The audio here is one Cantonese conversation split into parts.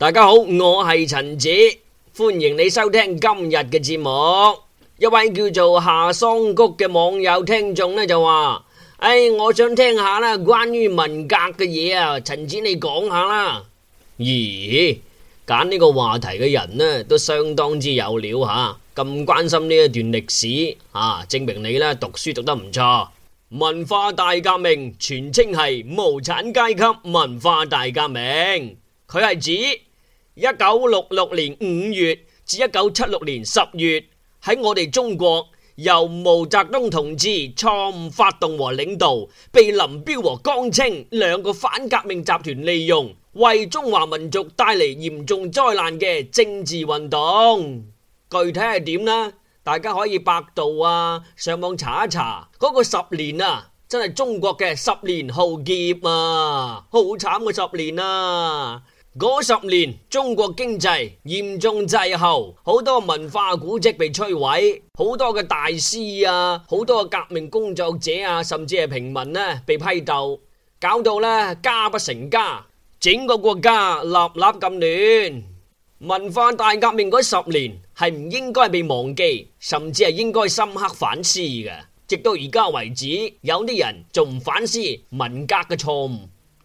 大家好，我係陳子，歡迎你收聽今日嘅節目。一位叫做夏桑菊嘅網友聽眾呢就話，誒、哎，我想聽下啦，關於文革嘅嘢啊，陳子你講下啦。咦，揀呢個話題嘅人呢都相當之有料吓，咁關心呢一段歷史吓，啊，證明你呢讀書讀得唔錯。文化大革命全稱係無產階級文化大革命，佢係指。一九六六年五月至一九七六年十月，喺我哋中國由毛澤東同志錯誤發動和領導，被林彪和江青兩個反革命集團利用，為中華民族帶嚟嚴重災難嘅政治運動，具體係點呢？大家可以百度啊，上網查一查。嗰個十年啊，真係中國嘅十年浩劫啊，好慘嘅十年啊！嗰十年，中國經濟嚴重滯後，好多文化古蹟被摧毀，好多嘅大師啊，好多嘅革命工作者啊，甚至係平民呢，被批鬥，搞到呢家不成家，整個國家立立咁亂。文化大革命嗰十年係唔應該被忘記，甚至係應該深刻反思嘅。直到而家為止，有啲人仲唔反思文革嘅錯誤，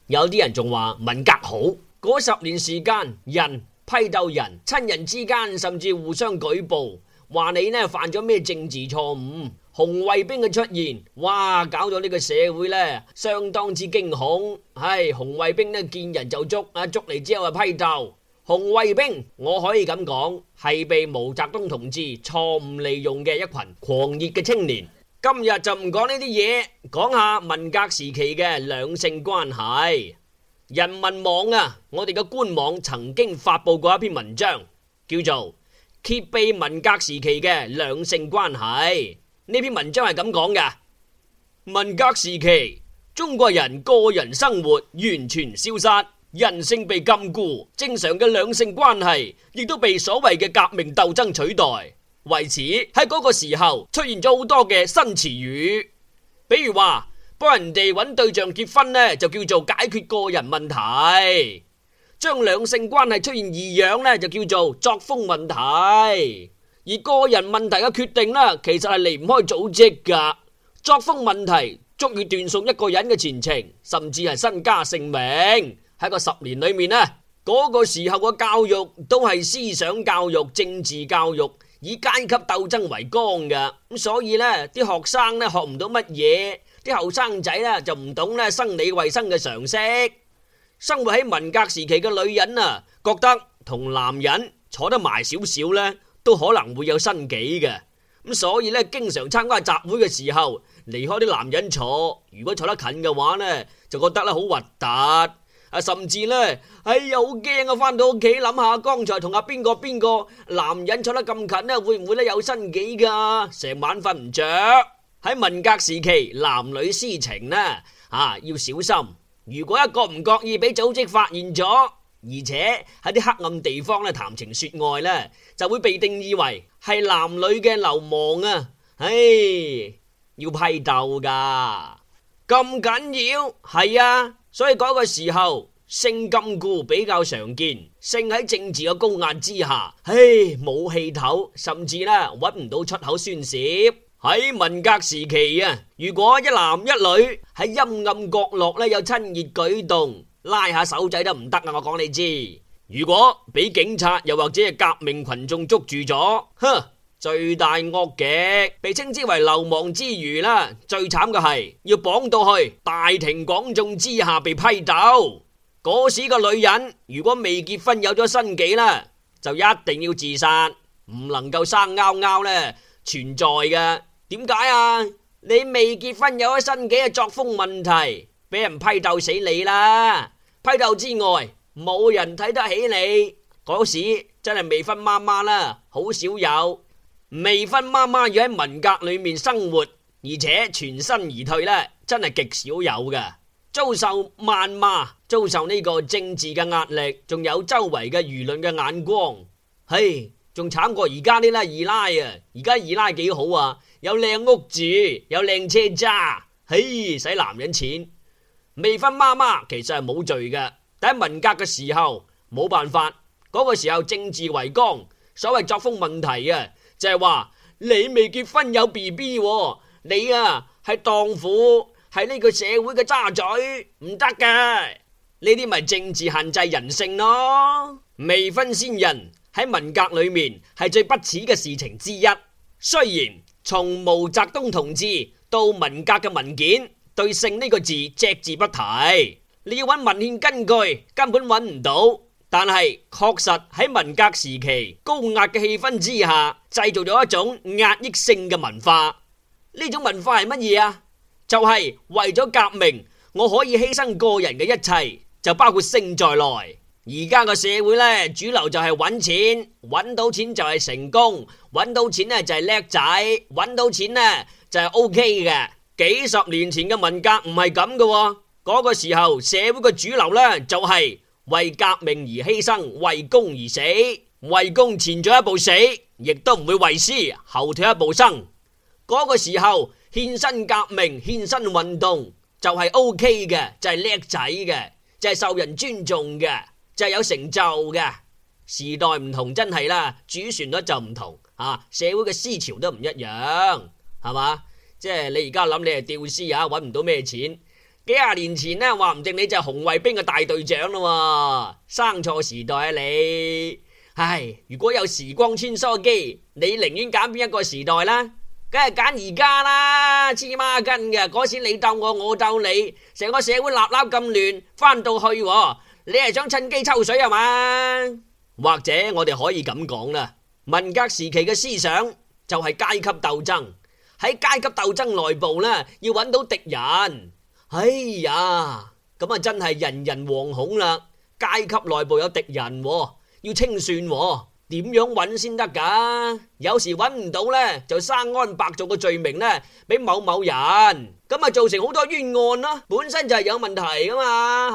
有啲人仲話文革好。嗰十年時間，人批鬥人，親人之間甚至互相舉報，話你呢犯咗咩政治錯誤。紅衛兵嘅出現，哇，搞到呢個社會呢相當之驚恐。唉、哎，紅衛兵呢見人就捉，啊捉嚟之後啊批鬥。紅衛兵，我可以咁講，係被毛澤東同志錯誤利用嘅一群狂熱嘅青年。今日就唔講呢啲嘢，講下文革時期嘅兩性關係。人民網啊，我哋嘅官網曾經發佈過一篇文章，叫做《揭秘文革時期嘅兩性關係》。呢篇文章係咁講嘅：文革時期，中國人個人生活完全消失，人性被禁錮，正常嘅兩性關係亦都被所謂嘅革命鬥爭取代。為此，喺嗰個時候出現咗好多嘅新詞語，比如話。人哋搵對象結婚呢，就叫做解決個人問題；將兩性關係出現異樣呢，就叫做作風問題。而個人問題嘅決定呢，其實係離唔開組織噶。作風問題足以斷送一個人嘅前程，甚至係身家性命。喺個十年裏面呢，嗰個時候嘅教育都係思想教育、政治教育，以階級鬥爭為綱噶。咁所以呢，啲學生呢，學唔到乜嘢。啲後生仔咧就唔懂咧生理衛生嘅常識，生活喺文革時期嘅女人啊，覺得同男人坐得埋少少咧，都可能會有身紀嘅，咁所以咧經常參加集會嘅時候，離開啲男人坐，如果坐得近嘅話咧，就覺得咧好核突，啊甚至咧哎呀好驚啊，返到屋企諗下剛才同阿邊個邊個男人坐得咁近咧，會唔會咧有身紀噶，成晚瞓唔着。喺文革時期，男女私情呢，啊要小心。如果一個唔覺意俾組織發現咗，而且喺啲黑暗地方呢談情說愛啦，就會被定義為係男女嘅流氓啊！唉，要批鬥噶，咁緊要？係啊！所以嗰個時候，性禁錮比較常見，性喺政治嘅高壓之下，唉冇氣頭，甚至呢揾唔到出口宣洩。喺文革時期啊，如果一男一女喺陰暗角落咧有親熱舉動，拉下手仔都唔得啊！我講你知，如果俾警察又或者係革命群眾捉住咗，哼，罪大惡極，被稱之為流氓之馀啦。最慘嘅係要綁到去大庭廣眾之下被批鬥。嗰時個女人如果未結婚有咗身紀啦，就一定要自殺，唔能夠生勾勾咧存在嘅。點解啊？你未結婚有咗身己嘅作風問題，俾人批鬥死你啦！批鬥之外，冇人睇得起你。嗰時真係未婚媽媽啦，好少有。未婚媽媽要喺文革裏面生活，而且全身而退咧，真係極少有嘅。遭受謾罵，遭受呢個政治嘅壓力，仲有周圍嘅輿論嘅眼光，嘿。仲慘過而家呢啦二奶啊，而家二奶幾好啊，有靚屋住，有靚車揸，嘿，使男人錢。未婚媽媽其實係冇罪嘅，但係文革嘅時候冇辦法，嗰個時候政治為綱，所謂作風問題啊，就係話你未結婚有 B B，你啊係蕩婦，係呢個社會嘅渣嘴，唔得嘅。呢啲咪政治限制人性咯，未婚先孕。喺文革裏面係最不恥嘅事情之一。雖然從毛澤東同志到文革嘅文件對性呢個字隻字不提，你要揾文獻根據根本揾唔到。但係確實喺文革時期高壓嘅氣氛之下，製造咗一種壓抑性嘅文化。呢種文化係乜嘢啊？就係為咗革命，我可以犧牲個人嘅一切，就包括性在內。而家個社會咧，主流就係揾錢，揾到錢就係成功，揾到錢咧就係叻仔，揾到錢咧就係 OK 嘅。幾十年前嘅文革唔係咁嘅，嗰、那個時候社會嘅主流呢，就係為革命而犧牲，為公而死，為公前進一步死，亦都唔會為私後退一步生。嗰、那個時候獻身革命、獻身運動就係 OK 嘅，就係叻仔嘅，就係、是就是、受人尊重嘅。就係有成就嘅。時代唔同真係啦，主旋律就唔同啊，社會嘅思潮都唔一樣，係嘛？即係你而家諗你係吊絲啊，揾唔到咩錢？幾廿年前呢，話唔定你就係紅衛兵嘅大隊長咯喎，生錯時代啊你！唉，如果有時光穿梭機，你寧願揀邊一個時代啦？梗係揀而家啦，黐孖筋嘅。嗰時你鬥我，我鬥你，成個社會立立咁亂，翻到去喎。你係想趁機抽水係嘛？或者我哋可以咁講啦。文革時期嘅思想就係階級鬥爭，喺階級鬥爭內部呢，要揾到敵人。哎呀，咁啊真係人人惶恐啦。階級內部有敵人，哦，要清算，哦，點樣揾先得噶？有時揾唔到呢，就生安白做嘅罪名呢，俾某某人咁啊，造成好多冤案咯。本身就係有問題噶嘛，係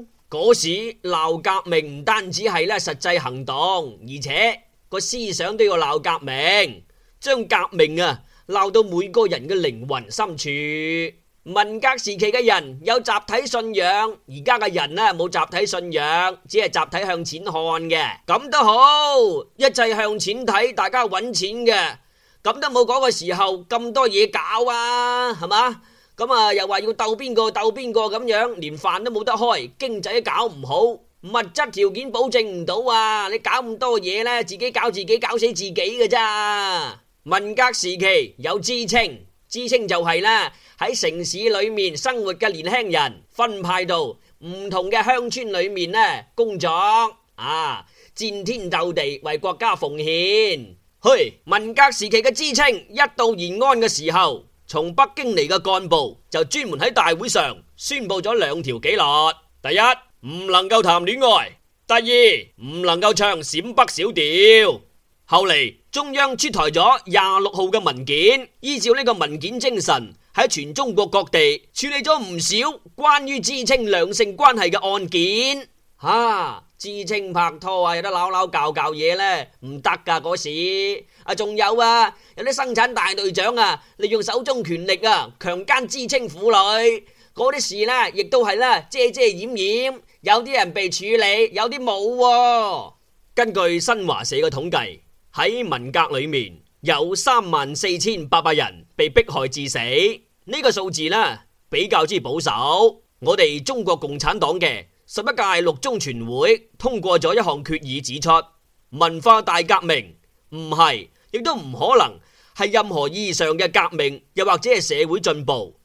嘛？嗰時鬧革命唔單止係咧實際行動，而且個思想都要鬧革命，將革命啊鬧到每個人嘅靈魂深處。文革時期嘅人有集體信仰，而家嘅人咧冇集體信仰，只係集體向錢看嘅，咁都好，一切向錢睇，大家揾錢嘅，咁都冇嗰個時候咁多嘢搞啊，係嘛？咁啊，又話要鬥邊個鬥邊個咁樣，連飯都冇得開，經濟都搞唔好，物質條件保證唔到啊！你搞咁多嘢咧，自己搞自己，搞死自己㗎咋？文革時期有知青，知青就係、是、啦，喺城市裏面生活嘅年輕人，分派到唔同嘅鄉村裏面咧工作，啊，戰天鬥地為國家奉獻。嘿，文革時期嘅知青，一到延安嘅時候。從北京嚟嘅幹部就專門喺大會上宣布咗兩條紀律。第一，唔能夠談戀愛；第二，唔能夠唱陝北小調。後嚟中央出台咗廿六號嘅文件，依照呢個文件精神，喺全中國各地處理咗唔少關於知青兩性關係嘅案件。吓、啊，知青拍拖啊，有得扭扭搞搞嘢呢？唔得㗎嗰時。啊，仲有啊，有啲生產大隊長啊，利用手中權力啊，強姦知青婦女，嗰啲事呢，亦都係啦，遮遮掩掩，有啲人被處理，有啲冇啊。根據新華社嘅統計，喺文革裏面有三萬四千八百人被迫害致死，呢個數字呢，比較之保守。我哋中國共產黨嘅十一屆六中全會通過咗一項決議，指出文化大革命唔係。亦都唔可能係任何意義上嘅革命，又或者係社會進步。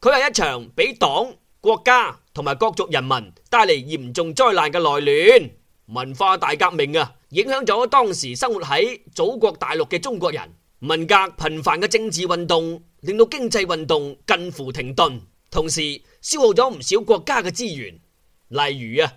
佢係一場俾黨、國家同埋各族人民帶嚟嚴重災難嘅內亂。文化大革命啊，影響咗當時生活喺祖國大陸嘅中國人。文革頻繁嘅政治運動，令到經濟運動近乎停頓，同時消耗咗唔少國家嘅資源。例如啊，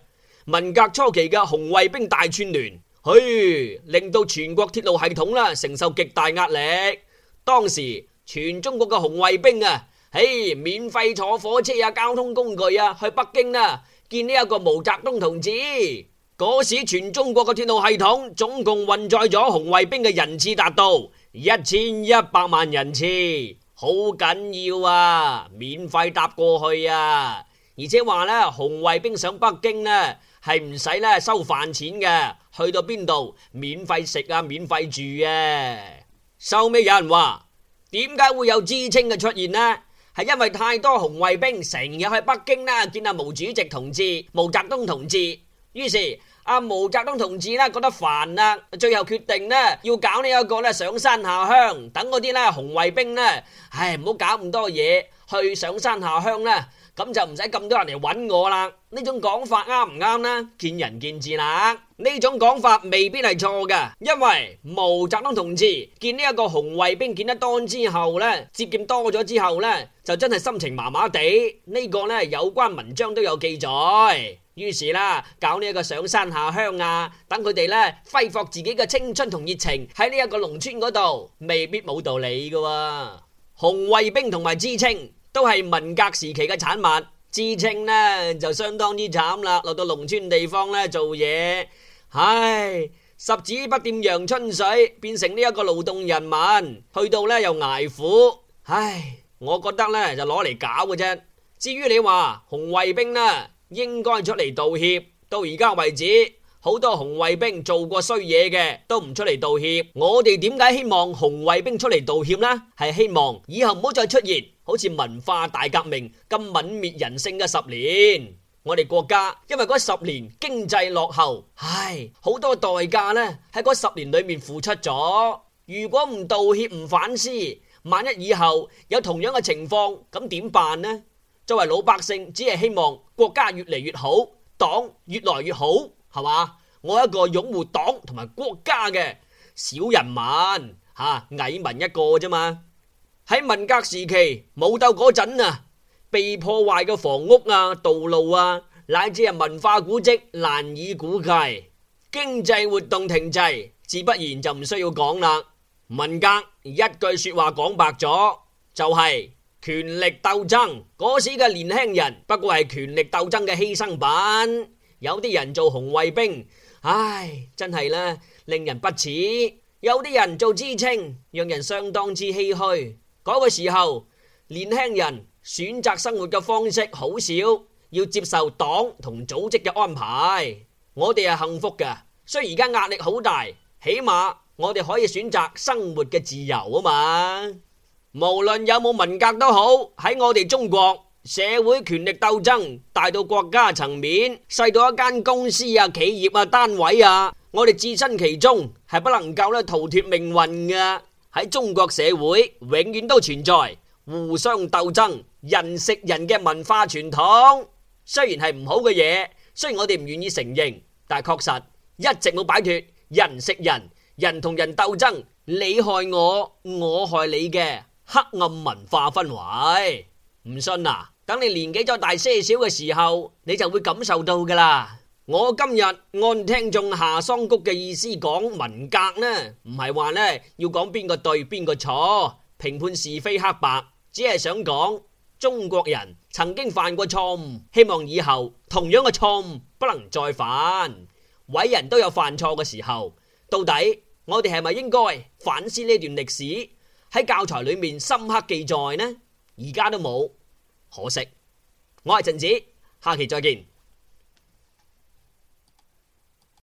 文革初期嘅紅衛兵大串聯。嘿，令到全國鐵路系統啦承受極大壓力。當時全中國嘅紅衛兵啊，嘿，免費坐火車啊，交通工具啊，去北京啦、啊，見呢一個毛澤東同志。嗰時全中國嘅鐵路系統總共運載咗紅衛兵嘅人次達到一千一百萬人次，好緊要啊！免費搭過去啊！而且話咧，紅衛兵上北京咧、啊。係唔使咧收飯錢嘅，去到邊度免費食啊，免費住嘅、啊。收尾有人話，點解會有知青嘅出現呢？係因為太多紅衛兵成日去北京啦，見阿毛主席同志、毛澤東同志，於是阿毛澤東同志啦覺得煩啦，最後決定呢要搞呢一個咧上山下鄉，等嗰啲啦紅衛兵呢，唉唔好搞咁多嘢去上山下鄉啦，咁就唔使咁多人嚟揾我啦。呢種講法啱唔啱呢？見仁見智啦。呢種講法未必係錯嘅，因為毛澤東同志見呢一個紅衛兵見得多之後咧，接見多咗之後呢，就真係心情麻麻地。呢個呢，有關文章都有記載。於是啦，搞呢一個上山下鄉啊，等佢哋呢揮霍自己嘅青春同熱情喺呢一個農村嗰度，未必冇道理嘅。紅衛兵同埋知青都係文革時期嘅產物。知青呢就相當之慘啦，落到農村地方呢，做嘢，唉，十指不掂陽春水，變成呢一個勞動人民，去到呢又捱苦，唉，我覺得呢就攞嚟搞嘅啫。至於你話紅衛兵呢，應該出嚟道歉，到而家為止，好多紅衛兵做過衰嘢嘅都唔出嚟道歉，我哋點解希望紅衛兵出嚟道歉呢？係希望以後唔好再出現。好似文化大革命咁泯滅人性嘅十年，我哋國家因為嗰十年經濟落後，唉，好多代價呢喺嗰十年裏面付出咗。如果唔道歉唔反思，萬一以後有同樣嘅情況，咁點辦呢？作為老百姓，只係希望國家越嚟越好，黨越來越好，係嘛？我一個擁護黨同埋國家嘅小人民，吓蟻民一個啫嘛。喺文革時期武鬥嗰陣啊，被破壞嘅房屋啊、道路啊，乃至係文化古跡，難以估計。經濟活動停滯，自不然就唔需要講啦。文革一句說話講白咗，就係權力鬥爭。嗰時嘅年輕人不過係權力鬥爭嘅犧牲品。有啲人做紅衛兵，唉，真係啦，令人不齒；有啲人做知青，讓人相當之唏噓。嗰個時候，年輕人選擇生活嘅方式好少，要接受黨同組織嘅安排。我哋係幸福㗎，雖然而家壓力好大，起碼我哋可以選擇生活嘅自由啊嘛。無論有冇文革都好，喺我哋中國，社會權力鬥爭大到國家層面，細到一間公司啊、企業啊、單位啊，我哋置身其中係不能夠咧逃脫命運嘅。喺中國社會永遠都存在互相鬥爭、人食人嘅文化傳統，雖然係唔好嘅嘢，雖然我哋唔願意承認，但係確實一直冇擺脫人食人、人同人鬥爭、你害我、我害你嘅黑暗文化氛圍。唔信啊？等你年紀再大些少嘅時候，你就會感受到㗎喇。我今日按聽眾夏桑菊嘅意思講文革呢，唔係話呢要講邊個對邊個錯，評判是非黑白，只係想講中國人曾經犯過錯誤，希望以後同樣嘅錯誤不能再犯。偉人都有犯錯嘅時候，到底我哋係咪應該反思呢段歷史？喺教材裏面深刻記載呢？而家都冇，可惜。我係陳子，下期再見。